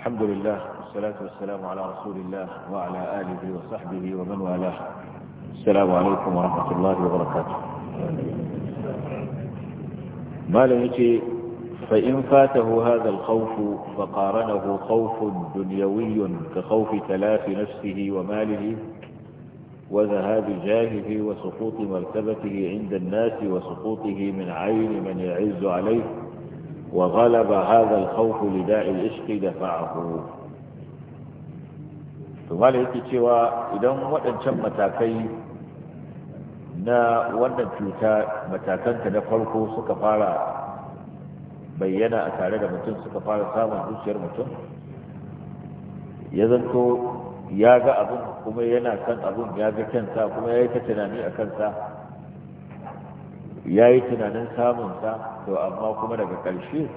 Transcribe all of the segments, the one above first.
الحمد لله والصلاة والسلام على رسول الله وعلى آله وصحبه ومن والاه السلام عليكم ورحمة الله وبركاته ما لم يتي فإن فاته هذا الخوف فقارنه خوف دنيوي كخوف تلاف نفسه وماله وذهاب جاهه وسقوط مرتبته عند الناس وسقوطه من عين من يعز عليه وغلب هذا الخوف لداء العشق دفعه tumar yake cewa idan waɗancan matakai na wannan cuta matakanta na farko suka fara bayyana a tare da mutum suka fara samun zuciyar mutum ya zanto ya ga abin kuma yana kan abin ya ga kansa kuma ya yi ta tunani a kansa ya yi tunanin samun samunsa to amma kuma daga ƙarshe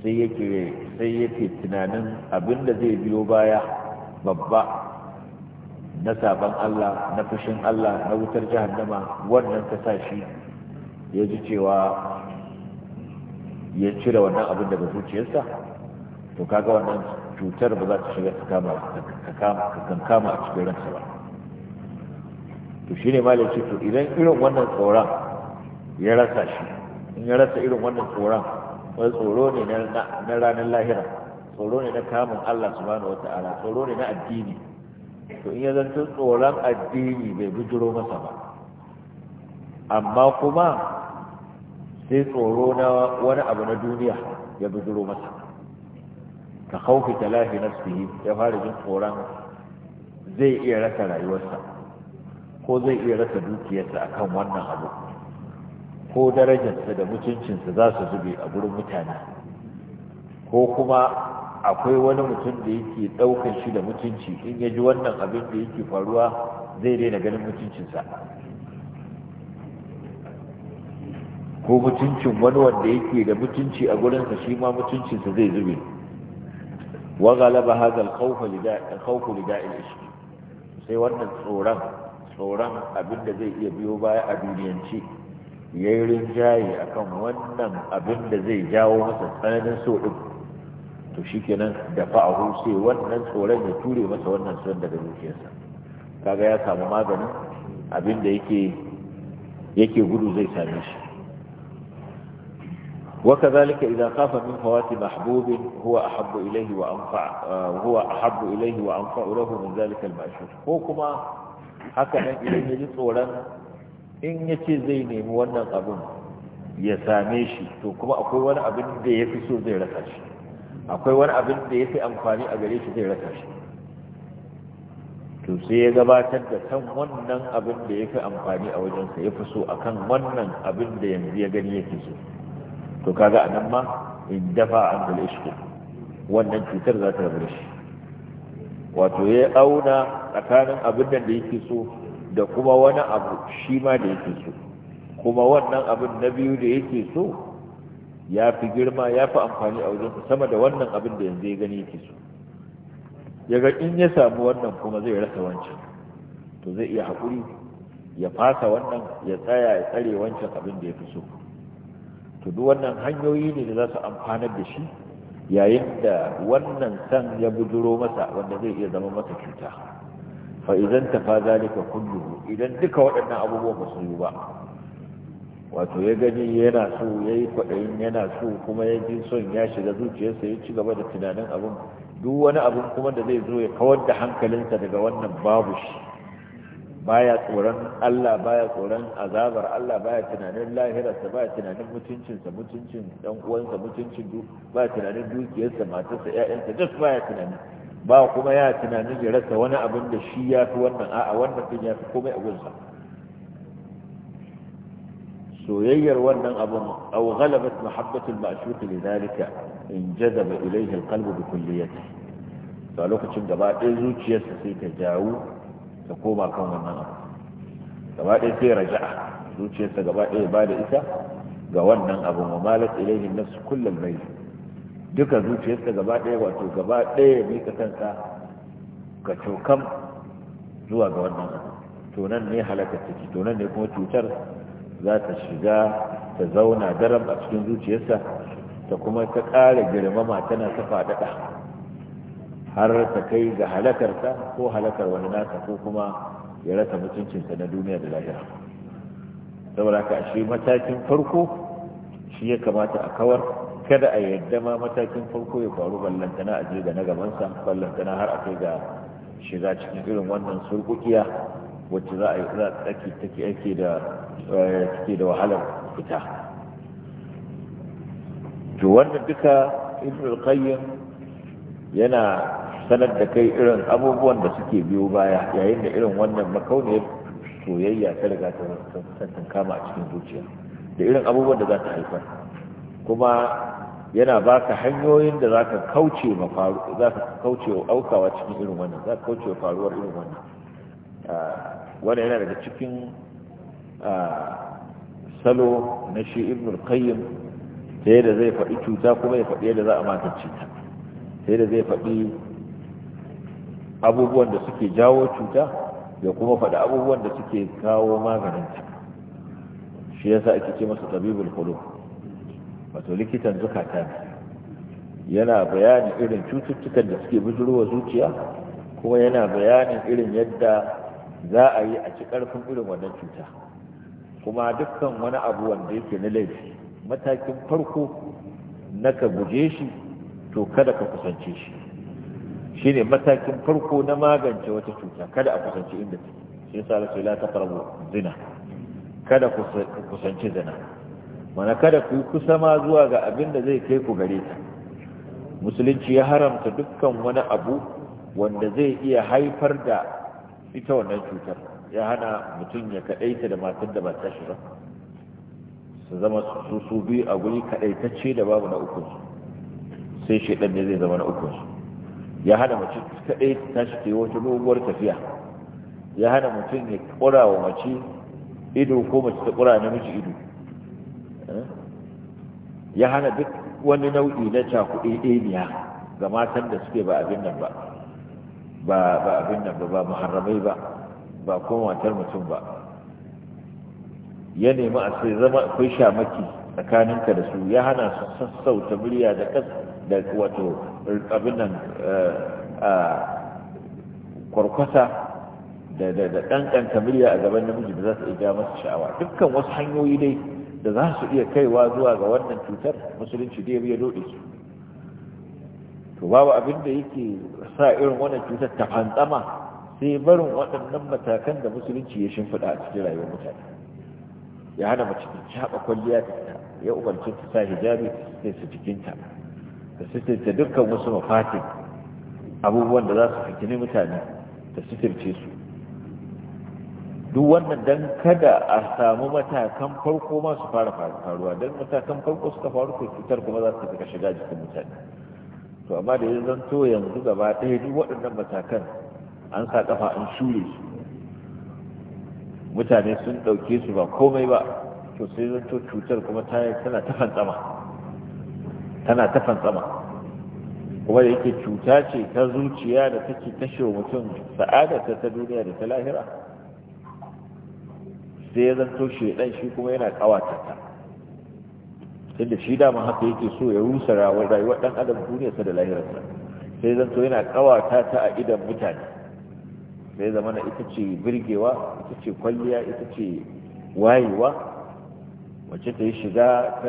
sai yake tunanin abin da zai biyo baya babba na saban Allah na fushin Allah na wutar jahannama wannan ta sa shi ya ji cewa ya cire wannan abin daga zuciyarsa to kaga wannan cutar ba za ta shiga ta kama a cikin ransa ba to shi ne ce to idan irin wannan tsoron ya rasa shi in ya rasa irin wannan tsoron wani tsoro ne na ranar lahira tsoro ne na kamun Allah subhanahu wata'ala tsoro ne na addini to in ya zanto tsoron addini bai bujiro masa ba amma kuma sai tsoro na wani abu na duniya ya bujiro masa ka kaufi talafi nafsihi ya fara jin tsoron zai iya rasa rayuwarsa ko zai iya rasa dukiyarsa akan wannan abu ko darajarsa da mutuncinsa za su zube a gurin mutane ko kuma akwai wani mutum da yake ɗaukar shi da mutunci in ya ji wannan abin da yake faruwa zai daina ganin mutuncinsa ko mutuncin wani wanda yake da mutunci a gurinsa shi ma mutuncinsa zai zube wa galaba hadha al-khawf lida'i al-ishq sai wannan tsoron tsoron abin da zai iya biyo baya a duniyance ya yi rinjaye a kan wannan abin da zai jawo masa tsananin so ɗin to shi kenan da fa'ahu sai wannan tsoron ya ture masa wannan son daga zuciyarsa kaga ya samu maganin abin da yake gudu zai same shi وكذلك إذا fawati من فوات محبوب هو أحب إليه وأنفع هو أحب إليه وأنفع له ko kuma المأشور هو كما هكذا إليه in ya ce zai nemi wannan abin ya same shi to kuma akwai wani abin da ya fi so zai rasa shi akwai wani abin da ya fi amfani a gare shi zai rasa shi to sai ya gabatar da kan wannan abin da ya fi amfani a wajensa ya fi so a kan wannan abin da yanzu ya gani ya fi so to kaga a nan ma in dafa an da ishku wannan cutar za ta rabu da shi wato ya auna tsakanin abin da yake so da kuma wani abu shi ma da yake so kuma wannan abin na biyu da yake so ya fi girma ya fi amfani a wajen sama da wannan abin da yanzu ya gani yake so Yaga in ya samu wannan kuma zai rasa wancan to zai iya haƙuri ya fasa wannan ya tsaya ya tsare wancan abin da ya fi so to duk wannan hanyoyi ne da za su amfanar da shi yayin da wannan san ya buduro masa wanda zai iya zama masa cuta fa idan tafa zalika kulluhu idan duka waɗannan abubuwa ba su yi ba wato ya gani yana so ya yi kwaɗayin yana so kuma ya ji son ya shiga zuciyarsa ya ci gaba da tunanin abin duk wani abin kuma da zai zo ya kawar da hankalinsa daga wannan babu shi baya tsoron Allah baya tsoron azabar Allah baya tunanin lahirarsa baya tunanin mutuncinsa mutuncin dan uwansa mutuncin duk baya tunanin dukiyarsa matarsa ƴaƴansa duk baya tunani ba kuma ya tunani da rasa wani abin da shi ya fi wannan a'a wannan din ya fi komai a gunsa soyayyar wannan abin aw ghalabat mahabbatu al-ma'shuq lidhalika in jazaba ilayhi al-qalbu bi kulliyati to a lokacin gaba ɗaya zuciyarsa sai ta jawo ta koma kan wannan abu gaba ɗaya sai raja'a zuciyarsa gaba ɗaya ba da ita ga wannan abin wa malat ilayhi an-nafs kullal bayt duka zuciyarsa gaba ɗaya wato gaba ɗaya ya mika ka cokam zuwa ga wannan to nan ne halakar ciki to nan ne kuma cutar za ta shiga ta zauna daram a cikin zuciyarsa ta kuma ta ƙara girmama tana ta faɗaɗa har ta kai ga halakarsa ko halakar wani nasa ko kuma ya rasa mutuncinsa na duniya da lahira saboda ka shi matakin farko shi ya kamata a kawar kada a yadda ma matakin farko ya faru ballantana a je ga na gabansa ballantana har a kai ga shiga cikin irin wannan surkukiya wacce za a yi za tsaki take ake da eh, take da wahalar fita to wannan duka ibn al-qayyim yana sanar da kai irin abubuwan da suke biyo baya yayin da irin wannan makauniyar soyayya ta riga ta kama a cikin zuciya da irin abubuwan da za ta haifar kuma yana baka hanyoyin da zaka kauce ma faru zaka kauce wa aukawa cikin irin wannan zaka kauce wa faruwar irin wannan ah, wannan yana daga cikin ah, salo na shi ibn al-qayyim ta yadda zai faɗi cuta kuma ya faɗi yadda za a magance ta ta yadda zai faɗi abubuwan da suke jawo cuta ya kuma faɗi abubuwan da suke kawo maganinta shi yasa ake ce masa tabibul qulub wato likitan zukata yana bayanin irin cututtukan da suke bujurwa zuciya kuma yana bayanin irin yadda za a yi a ci karfin irin wannan cuta kuma dukkan wani abu wanda yake na laifi matakin farko na ka guje shi to kada ka kusance shi shi ne matakin farko na magance wata cuta kada a kusance inda ta shi sa la ta zina kada kusanci zina mana kada ku kusa ma zuwa ga abin da zai kai ku gare ta musulunci ya haramta dukkan wani abu wanda zai iya haifar da ita wannan cutar ya hana mutum ya kaɗaita da matar da ba ta shi ba su zama su su biyu a guri ce da babu na ukunsu sai shaidan ne zai zama na ukunsu ya hana mace kaɗai ta shi ke wata doguwar tafiya ya hana mutum ya ƙura wa mace ido ko mace ta ƙura namiji ido Eh? ya hana duk wani nau'i na cakuɗe ɗeniya ga matan da suke ba abin nan ba ba abin nan ba ba muharramai ba ba kuma matar mutum ba ya nemi a sai zama akwai shamaki tsakaninka da su ya hana su sassauta murya da kas da wato abin nan eh, kwarkwasa da da murya a gaban namiji da za su iya masa sha'awa dukkan wasu hanyoyi dai da za su iya kaiwa zuwa ga wannan cutar musulunci da ya dode su to babu abin da yake sa irin wannan cutar ta fantsama sai barin waɗannan matakan da musulunci ya shimfiɗa a cikin rayuwar mutane ya hana mace ta caɓa kwalliya ta ya umarci ta sa hijabi sai su jikinta da sitirce dukkan wasu mafatin abubuwan da za su fitini mutane da sitirce su duk wannan dan kada a samu matakan farko ma su fara faruwa don matakan farko suka faru ko cutar kuma za su shiga jikin mutane to amma da ya zanto yanzu gaba ɗaya duk waɗannan matakan an sa ƙafa an shure su mutane sun ɗauke su ba komai ba to sai zanto cutar kuma tana ta fantsama tana ta fantsama kuma da yake cuta ce ta zuciya da take kashe mutum sa'ada ta duniya da ta lahira sai ya zanto shaidan shi kuma yana kawata ta da shi dama haka yake so ya rusa rayuwar dan adam duniyarsa da lahirarsa sai zanto yana kawata ta a idan mutane sai zama na ita ce birgewa ita ce kwalliya ita ce wayewa wacce ta yi shiga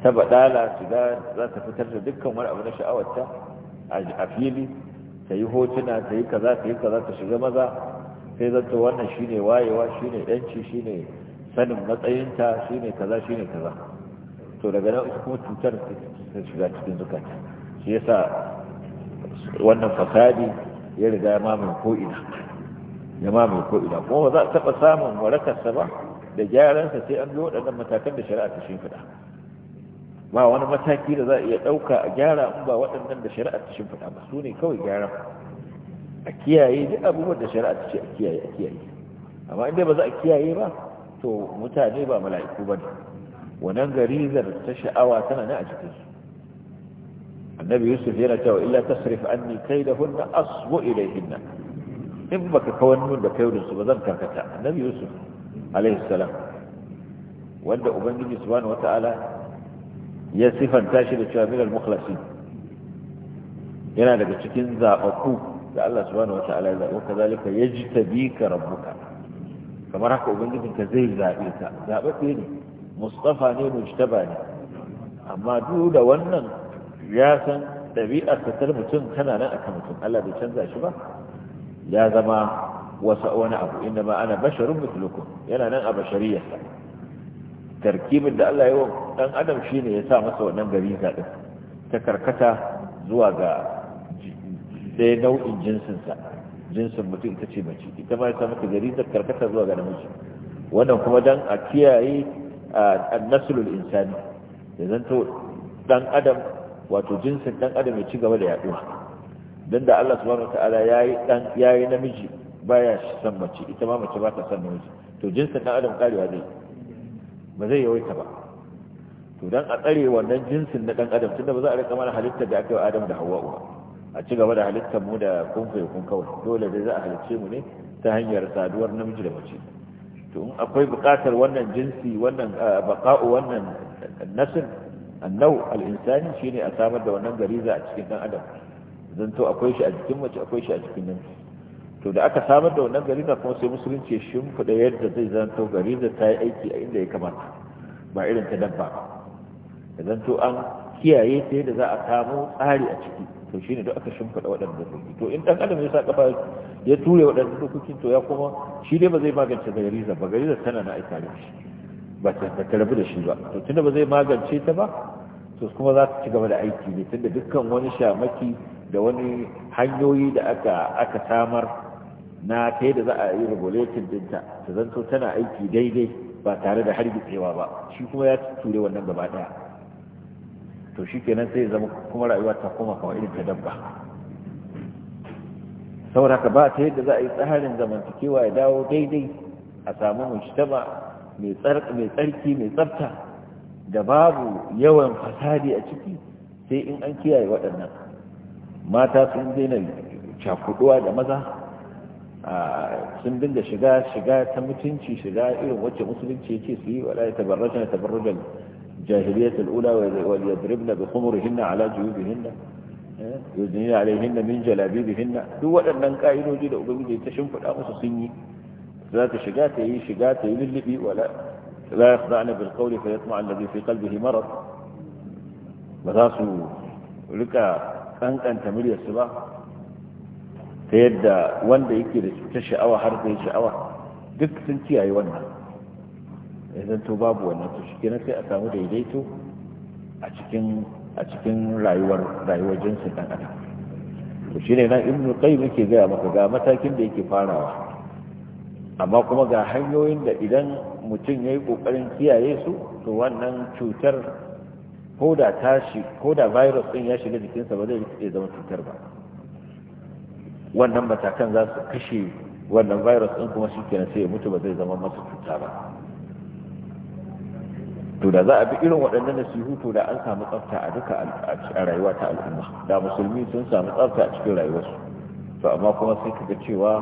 ta baɗala shiga za ta fitar da dukkan wani abu na sha'awarta a fili ta yi hotuna ta yi kaza ta yi kaza ta shiga maza sai zato wannan shine wayewa shine yanci shine sanin matsayinta shine kaza shine kaza to daga nan kuma cutar ta shiga cikin zukata shi sa wannan fasadi ya riga ya mamaye ko ina ya mamaye ko'ina kuma ba za a taba samun warakarsa ba da gyaransa sai an bi waɗannan matakan da shari'a ta shimfiɗa ba wani mataki da za a iya ɗauka a gyara in ba waɗannan da shari'a ta shimfiɗa ba su ne kawai gyaran a kiyaye duk abubuwan da shari'a ta ce a kiyaye a kiyaye amma inda ba za a kiyaye ba to mutane ba mala'iku ba ne wannan garizar ta sha'awa tana nan a cikin su annabi yusuf yana cewa illa tasrif anni kaidahunna asbu ilayhinna in baka kawar nun da kaidun su ba zan karkata annabi yusuf alaihi salam wanda ubangiji subhanahu wataala ya sifanta shi da cewa minal mukhlasin yana daga cikin zaɓaɓɓu da Allah subhanahu wata'ala ya ji kazalika bi rabbuka kamar haka ubangijinka zai zaɓe ka zaɓaɓɓe ne mustafa ne mujtaba ne amma duk da wannan ya san ɗabi'ar ta mutum tana nan akan mutum Allah bai canza shi ba ya zama wasa wani abu inda ma ana basharun yana nan a bashariyarsa tarkibin da Allah ya wa ɗan adam shine ya sa masa wannan gari zaɓe ta karkata zuwa ga sai nau'in jinsinsa jinsin mutum ita ce mace ita ma ta maka gari ta karkata zuwa ga namiji wannan kuma dan a kiyaye a annasulul insani da zanto dan adam wato jinsin dan adam ya ci gaba da yaduwa don da Allah subhanahu wataala yayi dan yi namiji baya san mace ita ma mace ba ta san namiji to jinsin dan adam karewa zai ba zai yawaita ba to dan a tsare wannan jinsin na dan adam tunda ba za a rika mana halittar da aka yi Adam da hawa ba a ci gaba da halittar mu da kunfaye kun kawai dole zai za a halicce mu ne ta hanyar saduwar namiji da mace to in akwai buƙatar wannan jinsi wannan baqa'u wannan nasl annau al-insani shine a samar da wannan gariza a cikin dan adam zanto akwai shi a jikin mace akwai shi a jikin namiji to da aka samar da wannan gariza kuma sai musulunci shimfida yadda zai zanto gariza ta yi aiki a inda ya kamata ba irin ta dabba ba zanto an kiyaye ta da za a samu tsari a ciki to shine da aka shimfiɗa waɗannan dokoki to in ɗan adam ya sa kafa ya ture waɗanda dokokin to ya kuma shi dai ba zai magance gariza ba gariza tana na aika da shi ba ta rabu da shi ba to tunda ba zai magance ta ba to kuma za ta ci gaba da aiki ne tunda dukkan wani shamaki da wani hanyoyi da aka aka samar na ta yadda za a yi regulating dinta ta zanto tana aiki daidai ba tare da hargitsewa ba shi kuma ya ture wannan gaba ɗaya to shi kenan sai zama kuma rayuwa ta koma kawai irin ta dabba saboda ka ba ta yadda za a yi tsarin zamantakewa ya dawo daidai a samu mujtama mai tsarki mai tsafta da babu yawan fasadi a ciki sai in an kiyaye waɗannan mata sun daina cakuduwa da maza sun dinga shiga shiga ta mutunci shiga irin wacce musulunci yake su yi wala tabarraja tabarrajan الجاهلية الأولى وليضربن بخمرهن على جيوبهن يزنين إيه؟ عليهن من جلابيبهن دول أنن كاينو جيد أبو جيد في الأمس صيني ذات شقاته شقاته للبي ولا لا يخضعن بالقول فيطمع الذي في قلبه مرض مذاسو لك أنك أنت ملي السبا تيدى وان دا يكير تشأوى حرق تشأوى دك سنتي أي وانها idan to babu wannan to shi kenan sai a samu daidaito a cikin a cikin rayuwar rayuwar jinsin dan adam to ne nan ibnu qayyim yake gaya maka ga matakin da yake farawa amma kuma ga hanyoyin da idan mutum yayi kokarin kiyaye su to wannan cutar ko da tashi ko da virus din ya shiga jikinsa ba zai iya zama cutar ba wannan matakan za su kashe wannan virus din kuma shi kenan sai ya mutu ba zai zama masa cuta ba to da za a bi irin waɗannan nasihu to da an samu tsafta a duka a rayuwa ta al'umma da musulmi sun samu tsafta a cikin rayuwarsu to amma kuma sai kaga cewa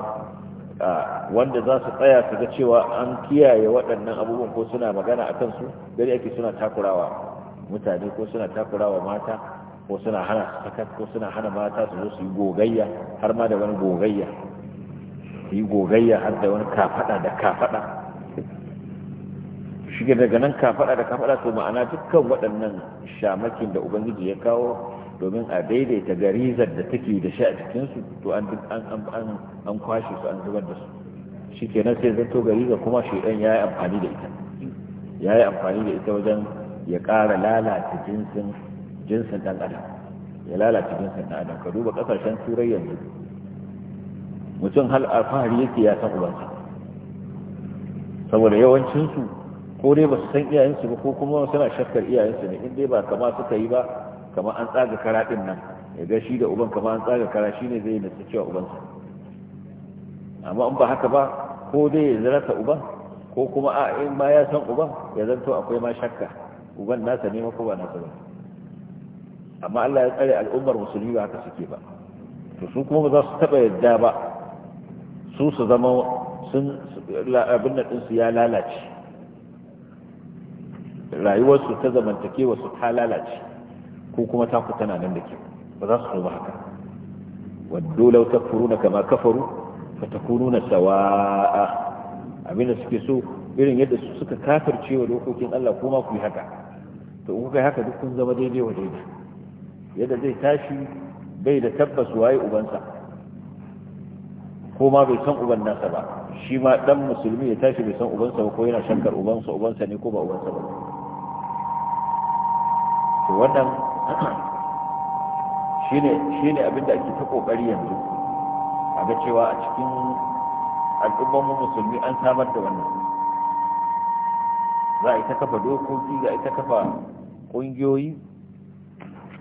wanda za su tsaya su ga cewa an kiyaye waɗannan abubuwan ko suna magana a kansu gari ake suna takurawa mutane ko suna takurawa mata ko suna hana sakat ko suna hana mata su zo su yi gogayya har ma da wani gogayya su yi gogayya har da wani kafaɗa da kafaɗa shiga daga nan kafada da kafada to ma'ana dukkan waɗannan shamakin da ubangiji ya kawo domin a daidaita garizar da take da shi a cikinsu to an an kwashe su an zubar da su shi nan sai zanto gariza kuma shi ya yi amfani da ita ya yi amfani da ita wajen ya ƙara lalata jinsin jinsin ɗan adam ya lalata jinsin ɗan adam ka duba ƙasashen turai yanzu mutum hal alfahari yake ya san ubansa saboda yawancinsu ko dai ba su san iyayensu ba ko kuma suna shakkar iyayensu ne in dai ba kama suka yi ba kama an tsaga kara din nan ya ga shi da uban kama an tsaga kara shi ne zai nasa cewa ubansa amma in ba haka ba ko dai ya zarata uban ko kuma a in ma ya san uban ya zanto akwai ma shakka uban nasa ne ko ba nasa ba amma Allah ya tsare al'ummar musulmi ba haka suke ba to su kuma ba za su taba yadda ba su su zama sun abin da ɗinsu ya lalace rayuwarsu ta zamantakewa su ta lalace ko kuma ta ku tana nan da ke ba za su so ba haka waddo lau na kama kafaru ta fatakununa sawa'a abinda suke so irin yadda su suka kafirce wa dokokin Allah kuma ku yi haka to in kuka yi haka duk kun zama daidai wa daidai yadda zai tashi bai da tabbas waye ubansa ko ma bai san uban nasa ba shi ma dan musulmi ya tashi bai san ubansa ba ko yana shakkar ubansa ubansa ne ko ba ubansa ba to wannan shi ne abinda ake ta kokari yanzu a cewa a cikin al'ummar musulmi an samar da wannan za a yi kafa dokoki za a yi kafa ƙungiyoyi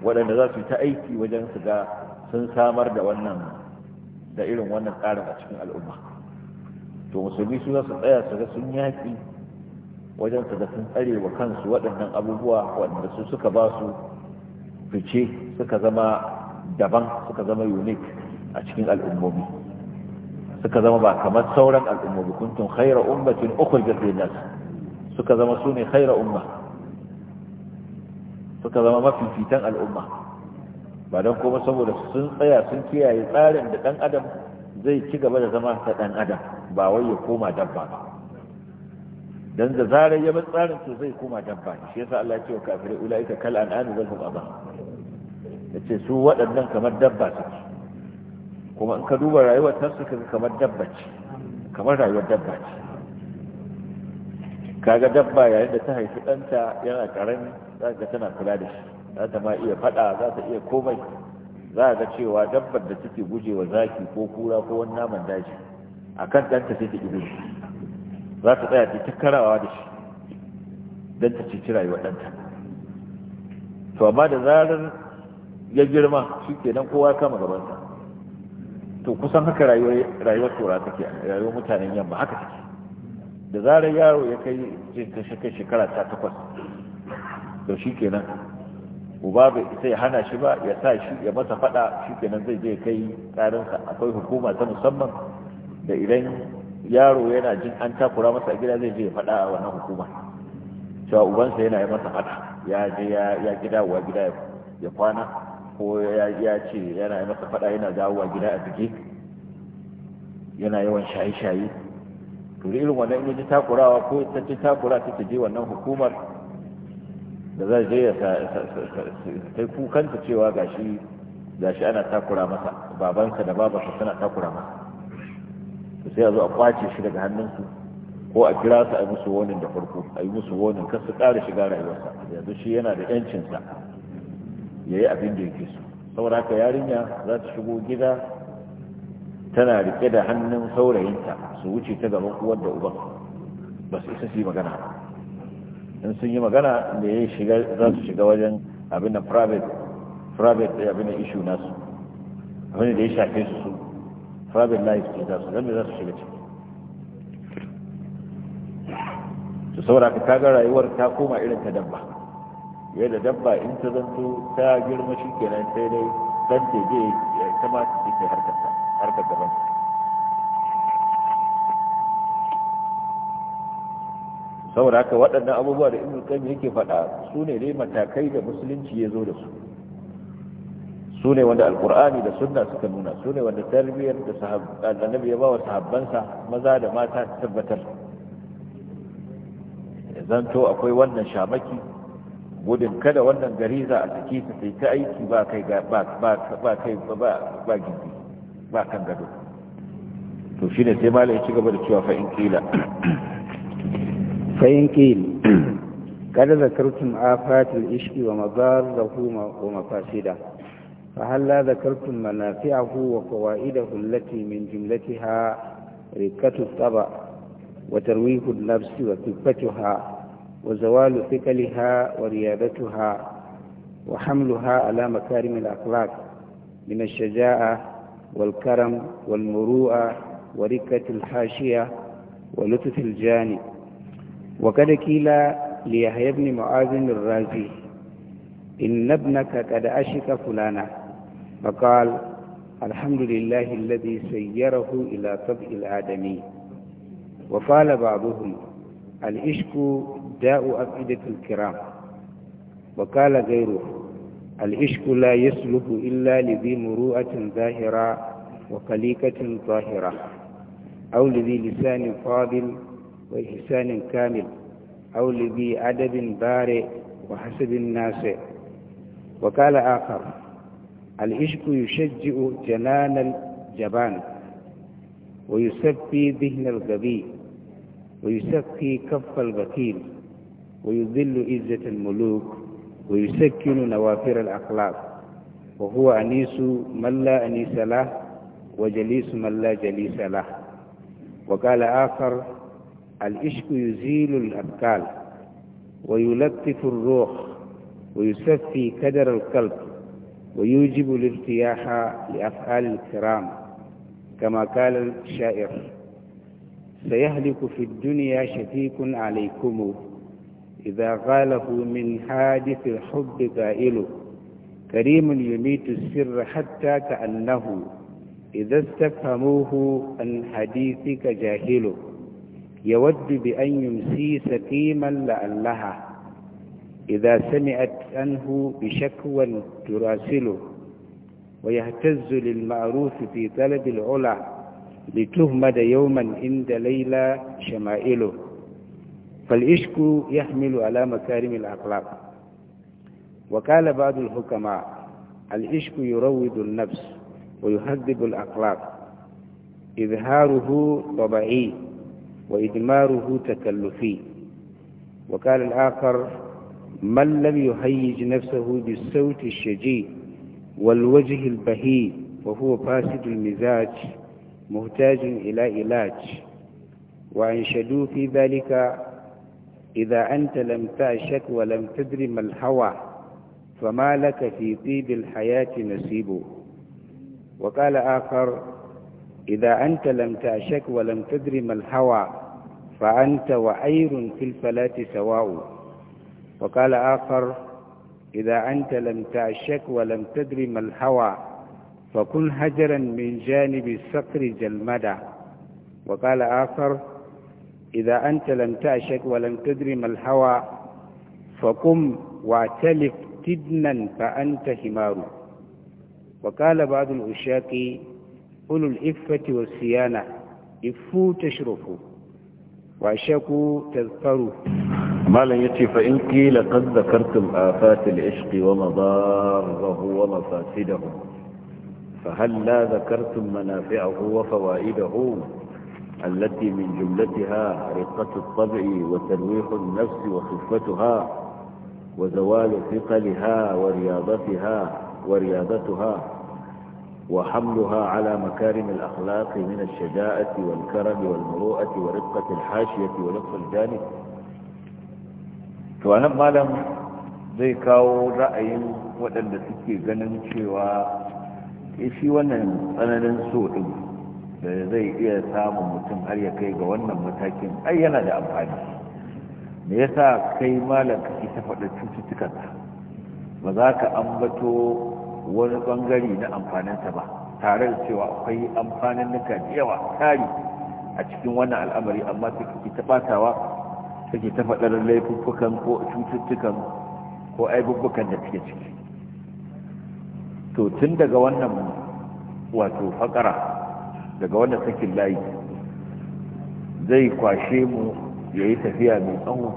waɗanda za su yi ta aiki wajen su ga sun samar da wannan da irin wannan tsarin a cikin al'umma to musulmi su za su tsaya su ga sun yaƙi wajen su da sun tsare wa kansu waɗannan abubuwa wanda su suka ba su fice suka zama daban suka zama unique a cikin al'ummomi suka zama ba kamar sauran al'ummomi kuntun khaira ummatin ukhrijat lin suka zama ne khaira umma suka zama mafifitan al'umma ba don kuma saboda sun tsaya sun kiyaye tsarin da ɗan adam zai ci gaba da zama ta ɗan adam ba wai ya koma dabba ba dan da zarar ya bar tsarin to zai koma dabba shi yasa Allah ya ce wa kafirai ulaika kal an'am wal hubaba yace su waɗannan kamar dabba suke kuma in ka duba rayuwar ta suka kamar dabba ce kamar rayuwar dabba ce kaga dabba yayin da ta haifi ɗanta yana ƙarami za ka tana kula da shi za ta ma iya faɗa za ta iya komai za ga cewa dabbar da take gujewa zaki ko kura ko wani naman daji a kan ɗanta sai ta ƙi za ta tsaya ta karawa da shi don ta ceci rayuwa ɗanta to amma da zarar ya girma shi ke nan kowa kama gabansa to kusan haka rayuwar tura take rayuwar mutanen yamma haka take da zarar yaro ya kai kai shekara ta takwas to shi nan uba bai isa ya hana shi ba ya sa shi ya masa fada shi ke nan zai je kai karinsa akwai hukuma ta musamman da idan yaro yana jin an takura masa gida zai je ya faɗa a wannan hukuma cewa ubansa yana yi masa faɗa ya je ya gida wa gida ya kwana ko ya ce yana yi masa faɗa yana dawowa gida a bige yana yawan shaye-shaye to irin wannan in ji takurawa ko ta ce takura ta je wannan hukumar da zai je ya kai kukanta cewa gashi ana takura masa babansa da babarsa suna takura masa sai a zo a kwace shi daga hannunsu ko a kira su a yi musu wonin da farko a yi musu wonin kan su ƙara shiga rayuwarsa yanzu shi yana da yancinsa ya yi abin da yake so saboda haka yarinya za ta shigo gida tana rike da hannun saurayinta su wuce ta gaban uwar da uban ba su isa su yi magana in sun yi magana da ya shiga za su shiga wajen abin da private private abin da issue nasu abin da ya shafe su su fabin layi su za su zama za su shiga ciki su saura ka kaga rayuwar ta koma irin ta dabba yadda dabba in ta zanto ta girma shi kenan sai dai dan teje ta ma ta ke harkar gaban saboda haka waɗannan abubuwa da ibn qayyim yake faɗa su ne dai matakai da musulunci ya zo da su su ne wanda alkur'ani da sunna suka nuna su ne wanda tarbiyyar da annabi ya ba wa sahabbansa maza da mata tabbatar ya zanto akwai wannan shamaki gudun kada wannan gariza a ciki ta sai ta aiki ba kai ba kai ba gidi ba kan gado to shi ne sai malai ya ci gaba da cewa fa'in kila fa'in kila kada zakartun afatul ishki wa mazarrahu wa mafasida لا ذكرتم منافعه وفوائده التي من جملتها ركة الطبع وترويح النفس وكفتها وزوال ثقلها وريادتها وحملها على مكارم الأخلاق من الشجاعة والكرم والمروءة وركة الحاشية ولطف الجاني وقد قيل ليحيى بن معاذ الرازي إن ابنك قد أشك فلانا فقال الحمد لله الذي سيره إلى طبع الآدمي وقال بعضهم العشق داء أفئدة الكرام وقال غيره العشق لا يسلب إلا لذي مروءة ظاهرة وقليقة ظاهرة أو لذي لسان فاضل وإحسان كامل أو لذي أدب بارئ وحسب ناسئ وقال آخر العشق يشجع جنان الجبان ويسفي ذهن الغبي ويسقي كف البخيل ويذل عزة الملوك ويسكن نوافر الأخلاق وهو أنيس من لا أنيس له وجليس من لا جليس له وقال آخر العشق يزيل الأثقال ويلطف الروح ويسفي كدر القلب ويوجب الارتياح لأفعال الكرام كما قال الشاعر سيهلك في الدنيا شفيق عليكم إذا غاله من حادث الحب قائل كريم يميت السر حتى كأنه إذا استفهموه عن حديثك جاهل يود بأن يمسي سقيما لعلها إذا سمعت عنه بشكوى تراسله ويهتز للمعروف في طلب العلا لتهمد يوما عند ليلى شمائله فالإشك يحمل على مكارم الأخلاق وقال بعض الحكماء الإشك يروض النفس ويهذب الأخلاق إظهاره طبعي وإدماره تكلفي وقال الآخر من لم يهيج نفسه بالصوت الشجي والوجه البهي وهو فاسد المزاج محتاج إلى علاج وأنشدوا في ذلك إذا أنت لم تعشك ولم ما الهوى فما لك في طيب الحياة نصيب وقال آخر إذا أنت لم تعشك ولم ما الهوى فأنت وعير في الفلاة سواء وقال آخر إذا أنت لم تعشك ولم تدري ما الهوى فكن هجرا من جانب الصقر جلمدا وقال آخر إذا أنت لم تعشك ولم تدري ما الهوى فقم واعتلف تدنا فأنت حمار وقال بعض العشاق أولو الإفة والصيانة إفوا تشرفوا وعشاقوا تذكروا ما yace يتي in qila qad zakartum afat al-ishq wa madarahu wa mafasidahu fa التي من جملتها رقة الطبع وترويح النفس وخفتها وزوال ثقلها ورياضتها ورياضتها وحملها على مكارم الأخلاق من الشجاعة والكرم والمروءة ورقة الحاشية ولطف الجانب to nan malam zai kawo ra'ayin waɗanda suke ganin cewa eh, shi wannan tsananin so ɗin da zai iya samun mutum har ya kai ga wannan matakin ai yana da amfani me yasa kai malam kake ta faɗa cututtukansa ba za ka ambato wani bangare na amfaninsa ba tare da cewa akwai amfanin nuka da yawa tari a cikin wannan al'amari amma suka ta ɓatawa suke ta faɗar laifuffukan ko cututtukan ko aibubbukan da suke ciki to tun daga wannan wato fakara daga wannan sakin layi zai kwashe mu ya yi tafiya mai tsawo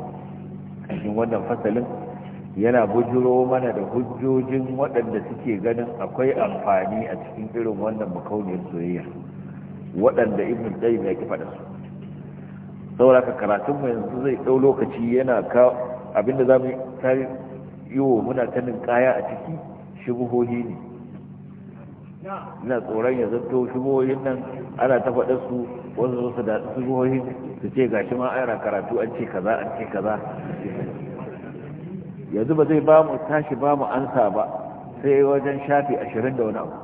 cikin wannan fasalin yana bujiro mana da hujjojin waɗanda suke ganin akwai amfani a cikin irin wannan makauniyar soyayya waɗanda ibn qayyim mai ki faɗa su saboda ka karatun mai yanzu zai ɗau lokaci yana ka abinda za mu yi wa muna tanin kaya a ciki shubuhohi ne ina tsoron ya zato shubuhohin nan ana ta faɗa su wasu su da shubuhohin su ce gashi ma ana karatu an ce kaza an ce kaza yanzu ba zai ba mu tashi ba mu ansa ba sai wajen shafi ashirin da wani abu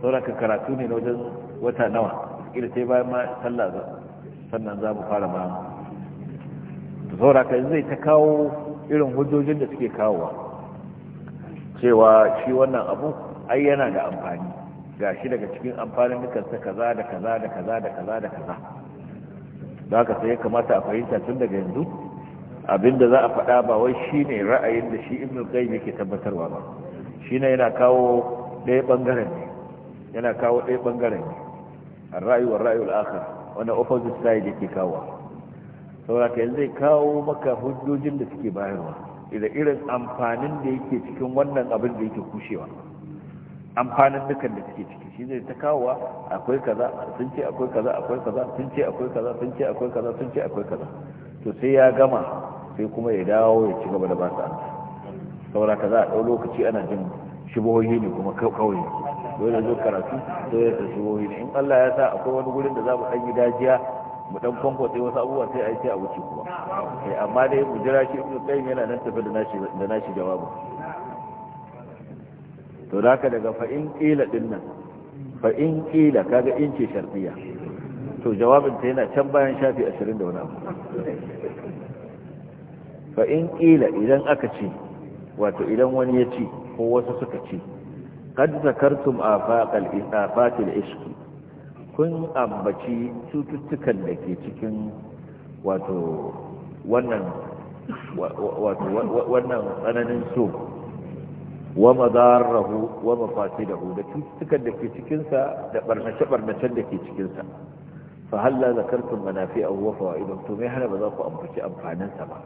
saboda ka karatu ne na wajen wata nawa ƙila sai bayan ma sallah sannan za mu fara ba da sauraka zai ta kawo irin hujjojin da suke kawowa cewa shi wannan abu ai yana da amfani ga shi daga cikin amfanin nukansa kaza da kaza da kaza da kaza da kaza da haka sai ya kamata a fahimta tun daga yanzu abinda za a faɗa ba wai shi ne ra'ayin da shi ibn qayyim yake tabbatarwa ba shi ne yana kawo ɗaya ɓangaren ne yana kawo ɗaya ɓangaren ne ar-ra'yu war-ra'yu wanda opposite side yake kawo sauraka yanzu zai kawo maka hujjojin da suke bayarwa idan irin amfanin da yake cikin wannan abin da yake kushewa amfanin dukan da suke ciki shi zai ta kawo akwai kaza sun ce akwai kaza akwai kaza sun ce akwai kaza sun ce akwai kaza sun ce akwai kaza to sai ya gama sai kuma ya dawo ya ci gaba da ba su amsa sauraka za a ɗau lokaci ana jin shibohi ne kuma kawai dole zo karatu to ya ta shugohi in Allah ya sa akwai wani gurin da za mu ɗan yi dajiya mu dan sai wasu abubuwa sai a yi sai a wuce kuma eh, amma dai mu jira shi ibnu qayyim yana nan tafi da nashi da nashi jawabu to ka daga fa in qila din nan fa in qila kaga in ce shartiya to jawabin ta yana can bayan shafi 20 da wani abu fa in qila idan aka ce wato idan wani ya ci ko wasu suka ci qad zakartum afaqal isafatil ishq kun ambaci cututtukan da ke cikin wato wannan tsananin so wa madarrahu wa mafasidahu da cututtukan da ke cikin sa da barnace barnacen da ke cikin sa fa halla zakartum manafi'ahu wa fawa'idahu to hana ba za ku ambaci ba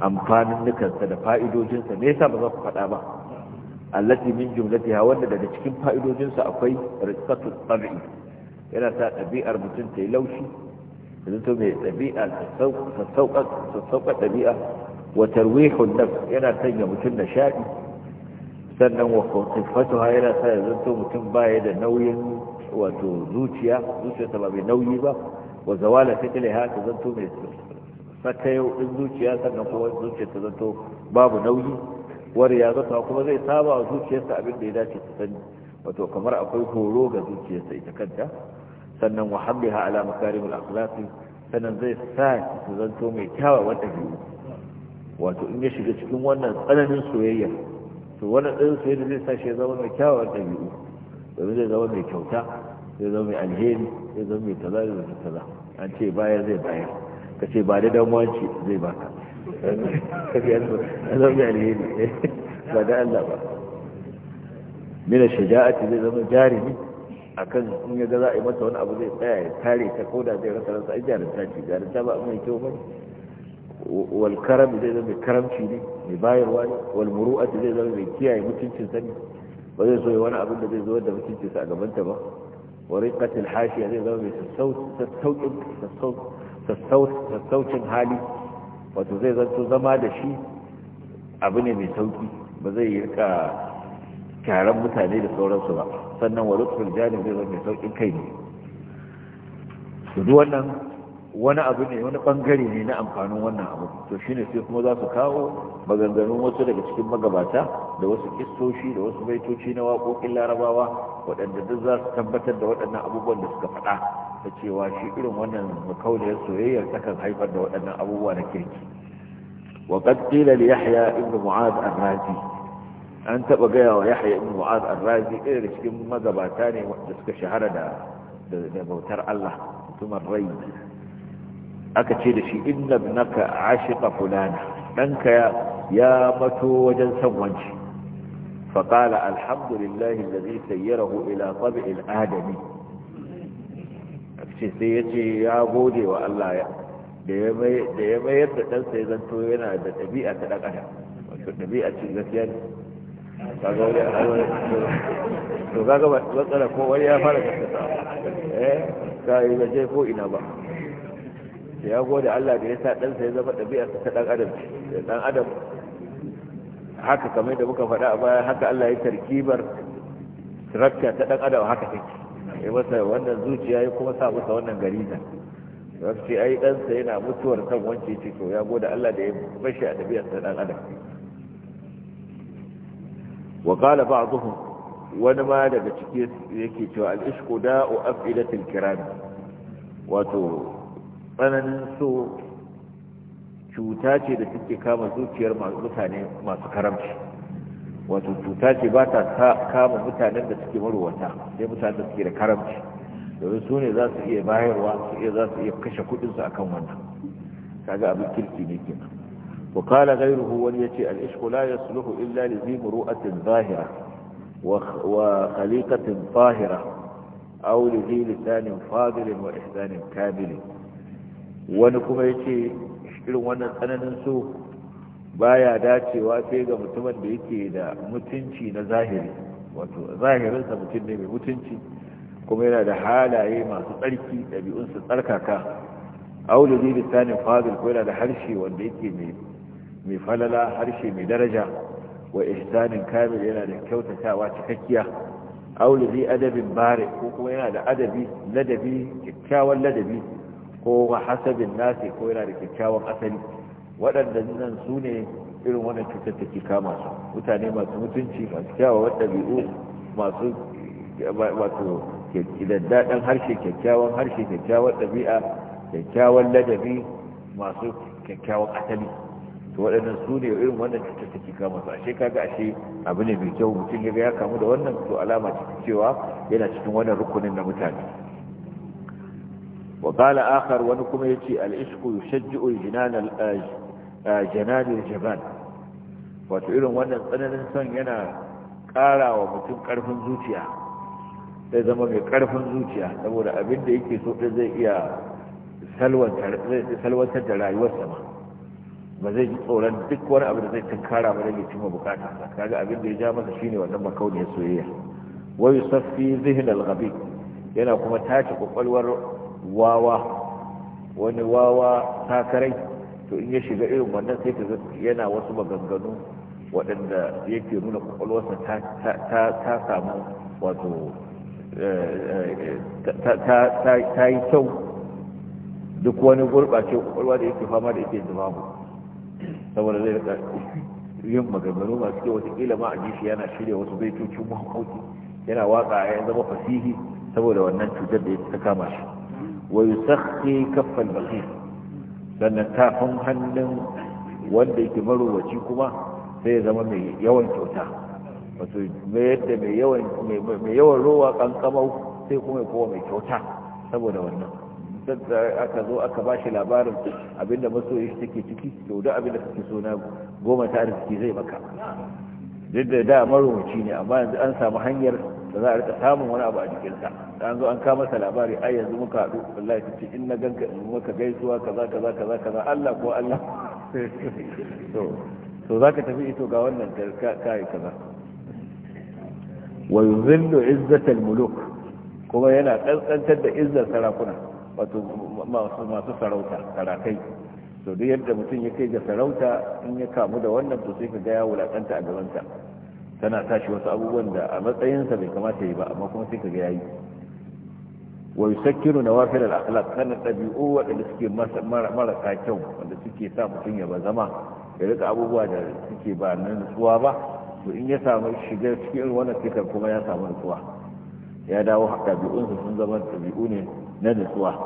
amfanin da fa'idojinsa me ba za ku faɗa ba allati min jumlatiha wanda daga cikin fa'idodinsa akwai rizqatu tabi'i yana sa ɗabi'ar mutum ta laushi da zato mai ɗabi'a sauka ɗabi'a wa tarwihun nafs yana sanya mutum nishaɗi sannan wa kawtifatuha yana sa ya zato mutum baya da nauyin wato zuciya zuciyarsa ba mai nauyi ba wa zawala fitliha ta zato mai sakayo din zuciya sannan kuma zuciyarta zato babu nauyi wa riyazatuha kuma zai saba a zuciyarsa abin da ya dace ta sani wato kamar akwai horo ga zuciyarsa ita kanta sannan wa ha ala makarimul akhlaq sannan zai sa ki zanto mai kyawawan dabi'u wato in ya shiga cikin wannan tsananin soyayya to wannan ɗan soyayya zai sa shi ya zama mai kyawawan dabi'u domin zai zama mai kyauta zai zama mai alheri zai zama mai kaza zai zama kaza an ce baya zai bayar ka ce ba da damuwanci zai baka zama alheri ba da Allah ba mina shaja'ati zai zama jarumi akan in ya ga za a yi mata wani abu zai tsaya ya tare ta koda zai rasa rasa ai jarumta ce jarumta ba mai kyau ba wal karam zai zama karamci ne mai bayarwa ne wal muru'ati zai zama mai kiyaye mutuncin sani ba zai so ya wani da zai zo a gabanta ba wa riqatil hashiya zai zama mai sassaucin sassaucin sassaucin hali wato zai zato zama da shi abu ne mai sauki ba zai yi ka kyaran mutane da sauransu ba sannan wa rukun jani zai zama mai saukin kai ne su duwannan wani abu ne wani bangare ne na amfanin wannan abu to shine sai kuma za su kawo maganganun wasu daga cikin magabata da wasu kistoshi da wasu baitoci na waƙoƙin larabawa waɗanda duk za su tabbatar da waɗannan abubuwan da suka faɗa da cewa shi irin wannan makauniyar soyayyar takan haifar da waɗannan abubuwa na kirki wa qad qila li yahya ibn mu'adh ar-razi an taba gaya wa yahya ibn mu'adh ar-razi irin daga cikin magabata ne da suka shahara da da bautar Allah mutumin rai aka ce da shi inna ibnaka ashiqa fulana danka ya mato wajen san wanci fa qala alhamdulillahi alladhi sayyarahu ila tab'i al-adami ce sai yace ya gode wa Allah ya da ya mayar da ɗansa ya zanto yana da ɗabi'a ta ɗan adam wato ɗabi'a ce gaskiya ne kaga wani alwari to kaga matsala ko wani ya fara kasa eh ka yi zaje ko ina ba ya gode Allah da ya sa ɗansa ya zama ɗabi'arsa ta ɗan adam ɗan adam haka kamar da muka faɗa a baya haka Allah ya tarkibar rakka ta ɗan adam haka take ya masa wannan zuciya ya kuma sa masa wannan gariza wasu ai ɗansa yana mutuwar kan wance ce to ya gode Allah da ya bashi a ɗabi'arsa ɗan adam wa qala ba'dhum wani ma daga ciki yake cewa al-ishqu da'u afilatil kiram wato tsananin so cuta ce da suke kama zuciyar mutane masu karamci wato cuta ce ba ta kama mutanen da suke marowata sai mutane da suke da karamci domin su ne za su iya bayarwa su iya za su iya kashe kudinsu akan wannan kaga abin kirki ne ya ce kenan ya luhu illa da zimu ru'atin zahira wa khalikatin zahira وخليقة طاهرة أو لذي fadilin wa وإحسان كامل wani kuma ya ce irin wannan tsananin so baya dacewa sai ga mutumin da yake da mutunci na zahiri wato zahirinsa mutum ne mai mutunci kuma yana da halaye masu tsarki ɗabi'unsa tsarkaka aure zai lisanin fadil ko yana da harshe wanda yake mai falala harshe mai daraja wa ihsanin kamil yana da kyautatawa cikakkiya aure zai adabin bare ko kuma yana da adabi ladabi kyakkyawan ladabi ko wa hasabin nasi ko yana da kyakkyawan asali waɗanda nan su ne irin wannan cutar take kama su mutane masu mutunci masu kyawawan ɗabi'u masu wato daddaɗan harshe kyakkyawan harshe kyakkyawan ɗabi'a kyakkyawan ladabi masu kyakkyawan asali to waɗannan su ne irin wannan cutar take kama su ashe kaga ashe abu ne mai kyau mutum ya kamu da wannan to alama ce cewa yana cikin wannan rukunin na mutane وقال آخر ونكم يجي العشق يشجع الجنان جنان الجبال وتعلم وانا انا الانسان ينا قارا ومتن قرفن زوجيا zai zama mai karfin zuciya saboda abin da yake so zai iya salwantar da rayuwarsa ma ba zai ji tsoron duk wani abin da zai tunkara ba rage cimma bukata kaga abin da ya ja masa shine wannan makauniyar soyayya wai saffi zihin al yana kuma tace kwakwalwar wawa wani wawa takarai to in ya shiga irin wannan sai ka yana wasu maganganu waɗanda yake nuna kwakwalwarsa ta samu wato eh, eh, ta yi kyau duk wani gurɓace kwakwalwa da yake fama da yake babu saboda zai da yin maganganu masu wata ƙila ma a jishi yana shirya wasu baitocin mahaukoki yana waka ya zama fasihi saboda wannan cutar da ya ta kama shi wa yusakhi kaffal baqir sannan tafin hannun wanda yake marowaci kuma sai ya zama mai yawan kyauta wato mai yadda mai yawan mai yawan kankamau sai kuma kowa mai kyauta saboda wannan sai aka zo aka bashi labarin abinda masoyi shi ciki to da abinda kake so na goma ta arziki zai maka duk da da marowaci ne amma yanzu an samu hanyar da za a rika samun wani abu a jikinsa an zo an kama masa labari ai yanzu muka haɗu wallahi ta ce in na ganka in maka gaisuwa kaza kaza kaza kaza Allah ko Allah to to zaka tafi ito ga wannan kai kaza wa yuzillu izzatal muluk kuma yana tsantsantar da izzar sarakuna wato masu sarauta sarakai to duk yadda mutum ya kai ga sarauta in ya kamu da wannan to sai ka ga ya wulakanta a gabanta tana tashi wasu abubuwan da a matsayinsa bai kamata ya yi ba amma kuma sai ka ga yayi wa yusakkiru nawafil al-akhlaq kana dabi'u wadanda suke marasa kyau wanda suke sa mutum ya bazama ya rika abubuwa da suke ba na nutsuwa ba to in ya samu shiga cikin wannan fitar kuma ya samu nutsuwa ya dawo ɗabi'unsa sun zama ɗabi'u ne na nutsuwa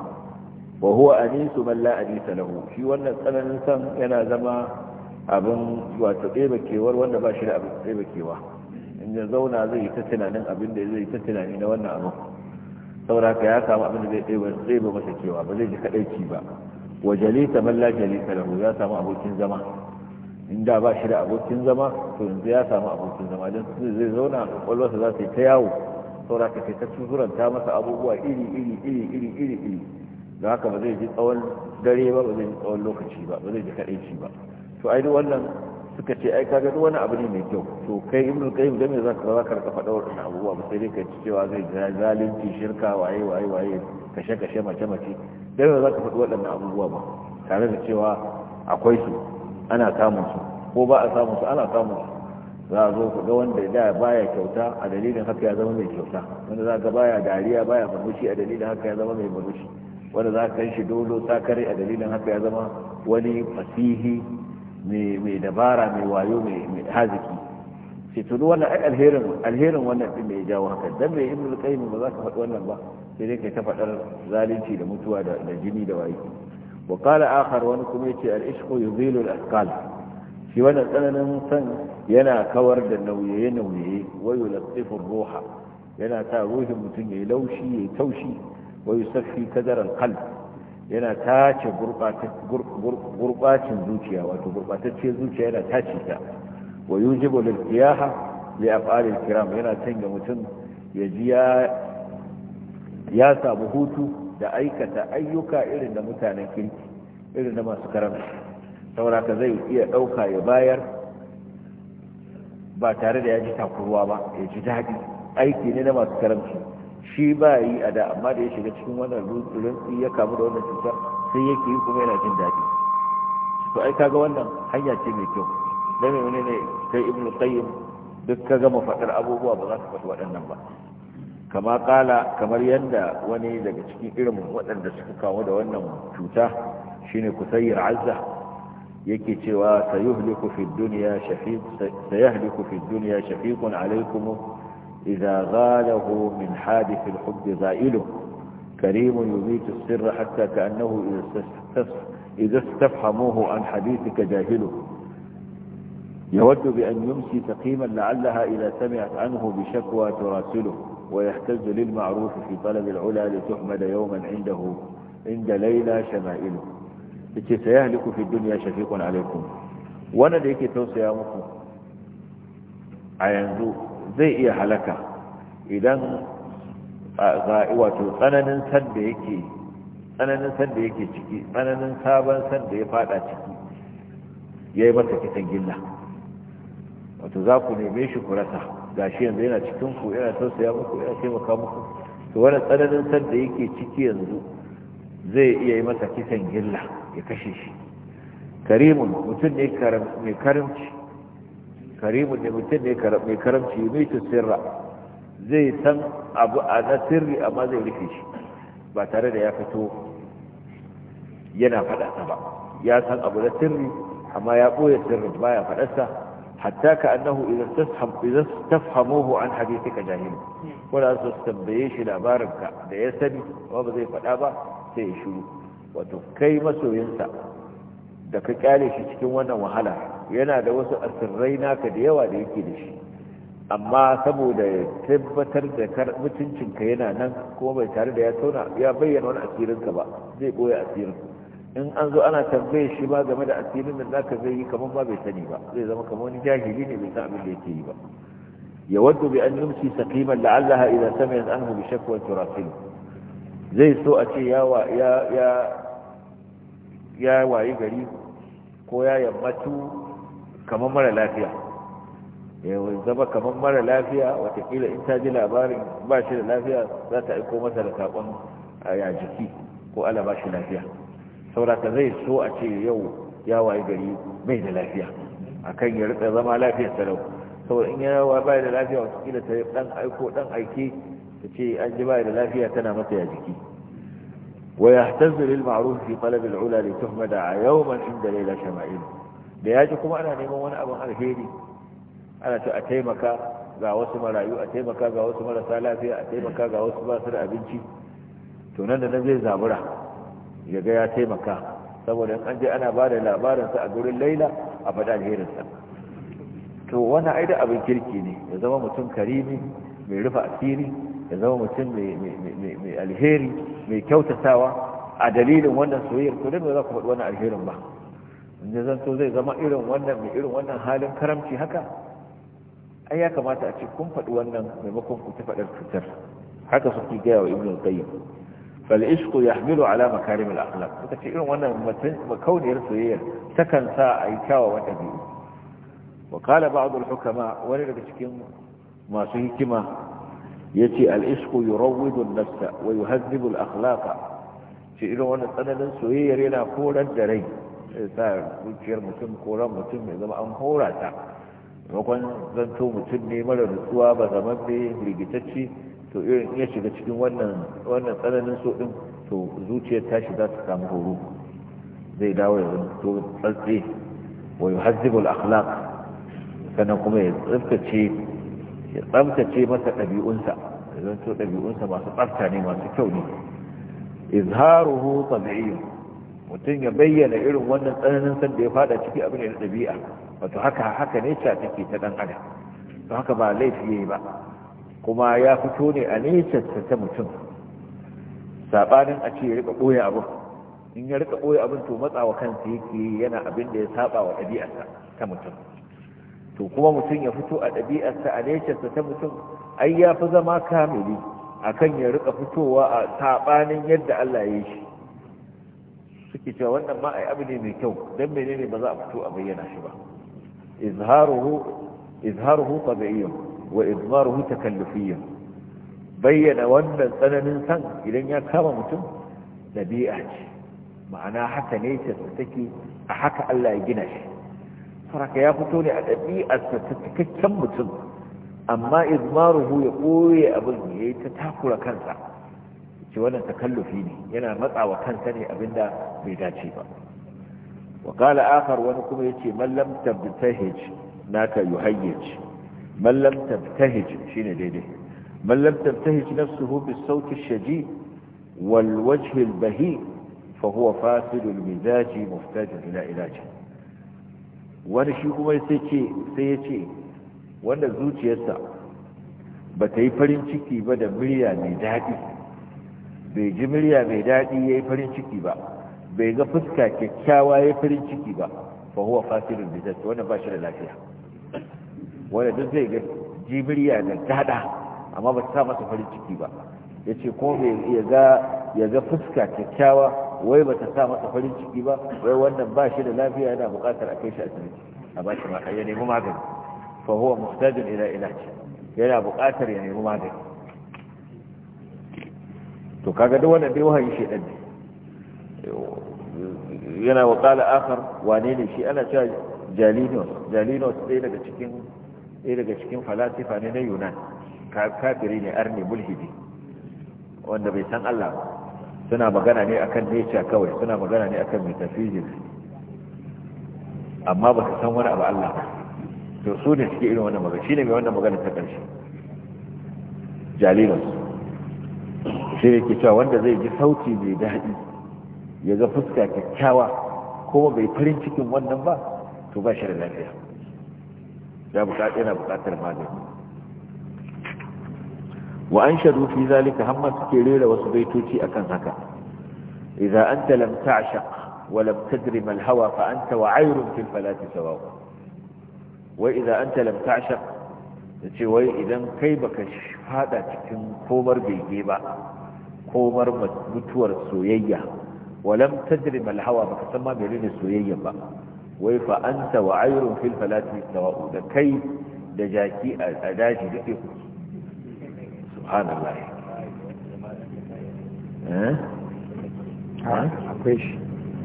wa huwa anisu man la anisa lahu shi wannan tsananin san yana zama abin wato ɗeba kewar wanda ba shi da abin ɗeba kewa in ya zauna zai yi ta tunanin abin da zai yi ta tunani na wannan abin sauraka ya samu abin da zai ɗeba masa cewa ba zai ji kaɗaici ba wa jalisa man la jalisa lahu ya samu abokin zama in da ba shi da abokin zama to yanzu ya samu abokin zama don zai zauna a kwakwalwarsa za su yi ta yawo saboda ka sai ta suranta masa abubuwa iri iri iri iri iri iri da haka ba zai ji tsawon dare ba ba zai ji tsawon lokaci ba ba zai ji kaɗaici ba to ai duk wannan suka ce ai kaga wani abu ne mai kyau to kai ibnu qayyim da me zaka ka rika faɗa wannan abubuwa ba sai dai ka ci cewa zai zalunci shirka waye waye waye kashe kashe mace mace da me zaka faɗi waɗannan abubuwa ba tare da cewa akwai su ana samun su ko ba a samun su ana samun su za a zo ku ga wanda da baya kyauta a dalilin haka ya zama mai kyauta wanda za ka baya dariya baya murmushi a dalilin haka ya zama mai murmushi wanda za ka shi dolo kare a dalilin haka ya zama wani fasihi mai dabara mai wayo mai haziki sai to duk wannan alherin alherin wannan din da ya jawo haka dan mai ibnu qayyim ba za ka faɗi wannan ba sai dai kai ta faɗar zalunci da mutuwa da jini da waye wa qala akhar wani kuma yace al-ishqu yuzilu al-athqal shi wannan tsananin san yana kawar da nauye nauye wa yulatifu ruha yana sa ruhin mutum yayi laushi yayi taushi wa yusaffi kadar al-qalb yana tace gurbacin zuciya wato gurbatacce zuciya yana tace ta wa yujibu lil qiyaha li af'al kiram yana tanga mutum ya ji ya samu hutu da aikata ayyuka irin da mutanen kirki irin da masu karamci saboda ka zai iya dauka ya bayar ba tare da ya ji takurwa ba ya ji daɗi aiki ne na masu karamci shi ba yi a da amma da ya shiga cikin wannan rutsi ya kamu da wannan cuta sai yake yi kuma yana jin daɗi to ai kaga wannan hanya ce mai kyau da mai wani ne kai ibnu qayyim duk ka gama faɗar abubuwa ba za ka faɗi waɗannan ba kama kala kamar yadda wani daga cikin irin waɗanda suka kamu da wannan cuta shine kusayyir azza yake cewa sayuhliku fid dunya shafiq sayahliku fid dunya shafiqun alaykum إذا غاله من حادث الحب غائله كريم يميت السر حتى كأنه إذا استفهموه عن حديثك جاهله يود بأن يمسي سقيما لعلها إذا سمعت عنه بشكوى تراسله ويحتز للمعروف في طلب العلا لتحمد يوما عنده عند ليلى شمائله لكي سيهلك في الدنيا شفيق عليكم وانا توصي يا مكم عينزوه zai iya halaka idan wato tsananin sanda yake tsananin sanda yake ciki tsananin sabon sanda ya fada ciki ya yi masa kitan gilla wato za ku neme shi ku rasa ga shi yanzu yana cikin ku yana tausaya muku yana taimaka muku to wani tsananin sanda yake ciki yanzu zai iya yi masa kitan gilla ya kashe shi karimun mutum ne mai karimci karimun ne mutum ne mai karamci mai sirra zai san abu a na sirri amma zai rufe shi ba tare da ya fito yana faɗasa ba ya san abu na sirri amma ya ɓoye ba ya faɗasa hatta ka annahu idan tafhamuhu an ka jahilu wanda su tambaye shi labarinka da ya sani ba ba zai faɗa ba sai ya shiru wato kai masoyinsa da ka kyale shi cikin wannan wahala yana da wasu asirrai naka da yawa da yake da shi amma saboda tabbatar da mutuncinka yana nan kuma bai tare da ya tona ya bayyana wani asirinka ba zai ɓoye asirin in an zo ana tambaye shi ba game da asirin da zaka zai yi kamar ba bai sani ba zai zama kamar wani jahili ne bai san abin da yake yi ba wadda bi an yumsi saqiman la'allaha idza sami'at anhu bi shakwa turafin. zai so a ce ya ya ya wayi gari ko ya yammatu kamar mara lafiya yawai eh, zama kamar mara lafiya watakila in ta ji labarin ba shi da lafiya za ta aiko masa da saƙon eh, ya jiki ko ala ba shi lafiya sauraka zai so a ce yau ya waye gari mai da lafiya a kan ya rika zama lafiyar salau saboda in yawa ba da lafiya kila ta dan aiko dan aiki ta ce an ji ba da lafiya tana mata ya jiki ويحتز للمعروف في طلب العلا a يوما عند ليلة شمائله da ya ji kuma ana neman wani abin alheri ana ce a taimaka ga wasu marayu a taimaka ga wasu marasa lafiya a taimaka ga wasu basu da abinci to nan da nan zai zabura ya ga ya taimaka saboda an je ana ba da labarinsa a gurin laila a faɗa alherinsa to wani aida abin kirki ne ya zama mutum karimi mai rufe asiri ya zama mutum mai alheri mai kyautatawa a dalilin wannan soyayyar dan ba za ku faɗi wani alherin ba da zanto zai zama irin wannan mai irin wannan halin karamci haka ai ya kamata a ce kun faɗi wannan maimakon ku ta faɗar cutar haka su suke gaya wa ibn qayyim fal ishqu yahmilu ala makarim al akhlaq suka ce irin wannan makauniyar soyayya takan sa a yi kyawawan ɗabi'u wa qala ba'd al hukama wani daga cikin masu hikima yace al ishqu yurawwidu an nafsa wa yuhadhibu al akhlaqa shi irin wannan tsananin soyayyar yana korar da rai sai zuciyar mutum ko ran mutum mai zama an hora ta maimakon zanto mutum ne mara nutsuwa ba zaman ne rigitacci to irin iya shiga cikin wannan tsananin so din to zuciyar tashi za ta samu horo zai dawo ya zanto tsatse wa yuhazzibu al-akhlaq sannan kuma ya tsaftace ya tsaftace masa ɗabi'unsa ya zanto ɗabi'unsa masu tsafta ne masu kyau ne izharuhu tabi'iyyun mutum ya bayyana irin wannan tsananin san da ya fada ciki abin da ɗabi'a wato haka haka ne ta take ta ɗan adam to haka ba laifi yayi ba kuma ya fito ne a nesa ta mutum saɓanin a ce ya riƙa ɓoye abu in ya riƙa ɓoye abin to matsawa kansa yake yana abin da ya saba wa ɗabi'arsa ta mutum to kuma mutum ya fito a ɗabi'arsa a nesa ta mutum ai ya fi zama kamili akan ya riƙa fitowa a saɓanin yadda Allah ya yi shi suke cewa wannan ma abu ne mai kyau dan menene ba za a fito a bayyana shi ba izharuhu izharuhu tabi'iyyun wa izharuhu takallufiyyun bayyana wannan tsananin san idan ya kama mutum dabi'a ce ma'ana haka ne ce take a haka Allah ya gina shi saraka ya fito ne a ɗabi'arsa ta cikakken mutum amma izmaruhu ya ɓoye abin ya yi ta takura kansa ce wannan takallufi ne yana matsawa kansa ne abinda bai dace ba wa qala akhar wani kuma yace man lam tabtahij naka yuhayyij man tabtahij shine daidai Mallam lam tabtahij nafsuhu bis sawt ash-shaji wal wajh al-bahi fa huwa fasid al-mizaj muhtaj ila ilaji wani shi kuma sai ce sai yace wanda zuciyarsa ba ta yi farin ciki ba da murya mai daɗi bai ji murya mai daɗi ya yi farin ciki ba bai ga fuska kyakkyawa ya yi farin ciki ba fa huwa fasirin bizat wanda ba shi da lafiya wanda duk zai ga ji murya da gada amma ba sa masa farin ciki ba ya ce ko ya ga fuska kyakkyawa wai ba ta sa masa farin ciki ba wai wannan ba shi da lafiya yana buƙatar a kai shi asibiti a ba shi ya nemi magani fa huwa mustajin ila ce yana buƙatar ya nemi magani to kaga duk wannan dai wahayi shedan ne yana wa kala akhar wane ne shi ana cewa jalinos jalinos dai daga cikin sai daga cikin falasifa ne na yunan kafiri ne arni mulhidi wanda bai san Allah ba suna magana ne akan nature kawai suna magana ne akan metaphysics amma ba su san wani abu Allah ba to su ne suke irin wannan magana shine mai wannan magana ta ƙarshe jalinos shi ne ke cewa wanda zai ji sauti mai daɗi ya ga fuska kyakkyawa kuma bai farin cikin wannan ba to ba shi da lafiya ya buƙatar yana buƙatar magani wa an shaɗu fi zalika hamma suke rera wasu baitoci akan haka idza anta lam ta'shaq wa lam tadri mal hawa fa anta wa'irun fil falati sawa wa idza anta lam ta'shaq da ce wai idan kai baka fada cikin komar bege ba komar mutuwar soyayya walam tajrim alhawa baka san ma menene soyayya ba wai fa anta wa ayrun fil falati sawa'u da kai da jaki a daji da ke subhanallah eh akwai shi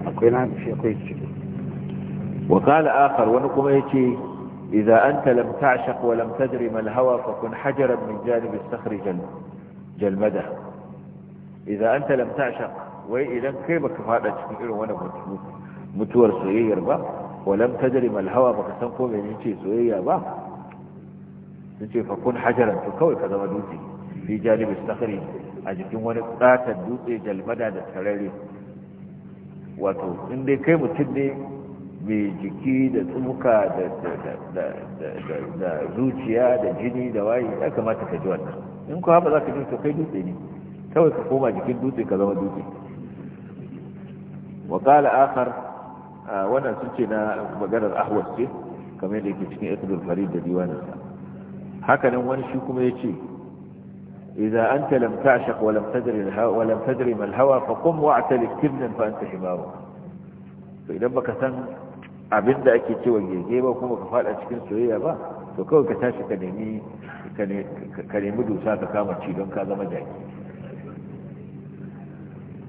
akwai na shi akwai shi وقال آخر ونقم يتي إذا أنت لم تعشق ولم تدرم الهوى فكن حجرا من جانب الصخر جلمده idza anta lam ta'shaq wai idan kai baka fada cikin irin wannan mutuwar soyayyar ba walam tajrim alhawa baka san ko menene ce soyayya ba sace fa kun hajaran to kawai ka zama dutse fi janibi sakhri a jikin wani tsata dutse jalmada da tarare wato in kai mutum ne mai jiki da tsumuka da zuciya da jini da waye ya kamata ka ji wannan in kuwa ba za ka ji to kai dutse ne kawai ka koma jikin dutse ka zama dutse wa qala akhar wannan sun ce na maganar ahwas ce kamar da yake cikin ikhdul farid da diwanin sa haka nan wani shi kuma yace idza anta lam ta'shaq wa lam tadri al-hawa wa lam tadri ma al-hawa fa qum wa'talik kibnan fa anta himaru to idan baka san abinda ake cewa gege ba kuma ka fada cikin soyayya ba to kawai ka tashi ka nemi ka nemi dusa ka kama ci don ka zama jaki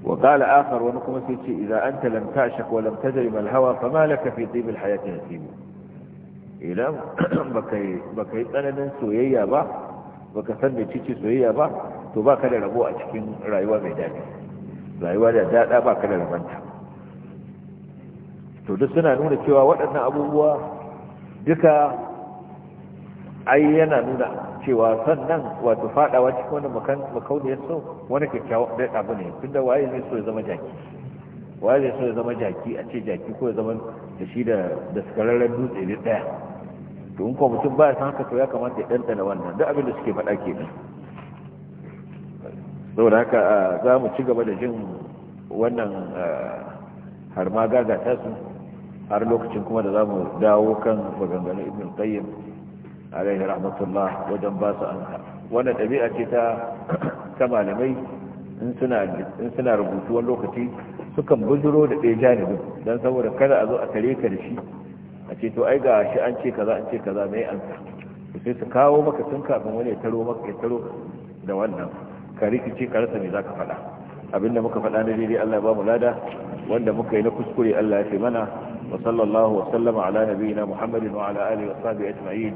وقال آخر ونقم سيتي إذا أنت لم تعشق ولم تجرب الهوى فما لك في طيب الحياة نسيب إذا بكي أنا سويا با baka san da cici soyayya ba to baka da rabo a cikin rayuwa mai daɗi rayuwa da daɗa baka da rabanta to duk suna nuna cewa waɗannan abubuwa duka ai yana nuna cewa sannan wato fadawa cikin wani makauniyar so wani kyakkyawa ɗaya abu ne tun da waye zai so ya zama jaki waye zai so ya zama jaki a ce jaki ko ya zama da shi da da skararren dutse ne daya to in ko mutum ba ya san haka to ya kamata ya dandana wannan duk abin da suke faɗa ke kenan saboda haka za mu ci gaba da jin wannan har ma gaga ta su har lokacin kuma da za mu dawo kan maganganun ibn qayyim alaihi rahmatullah wajen ba su anka wannan ɗabi'a ce ta ta malamai in suna rubutu wani lokaci sukan bujiro da ɗaya janibin don saboda kada a zo a tare ka da shi a ce to ai ga shi an ce kaza an ce kaza mai anka sai su kawo maka tun kafin wani ya taro maka ya taro da wannan ka rikice ka rasa me za ka faɗa abinda muka faɗa na daidai Allah ya ba mu lada wanda muka yi na kuskure Allah ya fi mana wa sallallahu wa sallama ala nabiyina Muhammadin wa ala alihi wa sahbihi ajma'in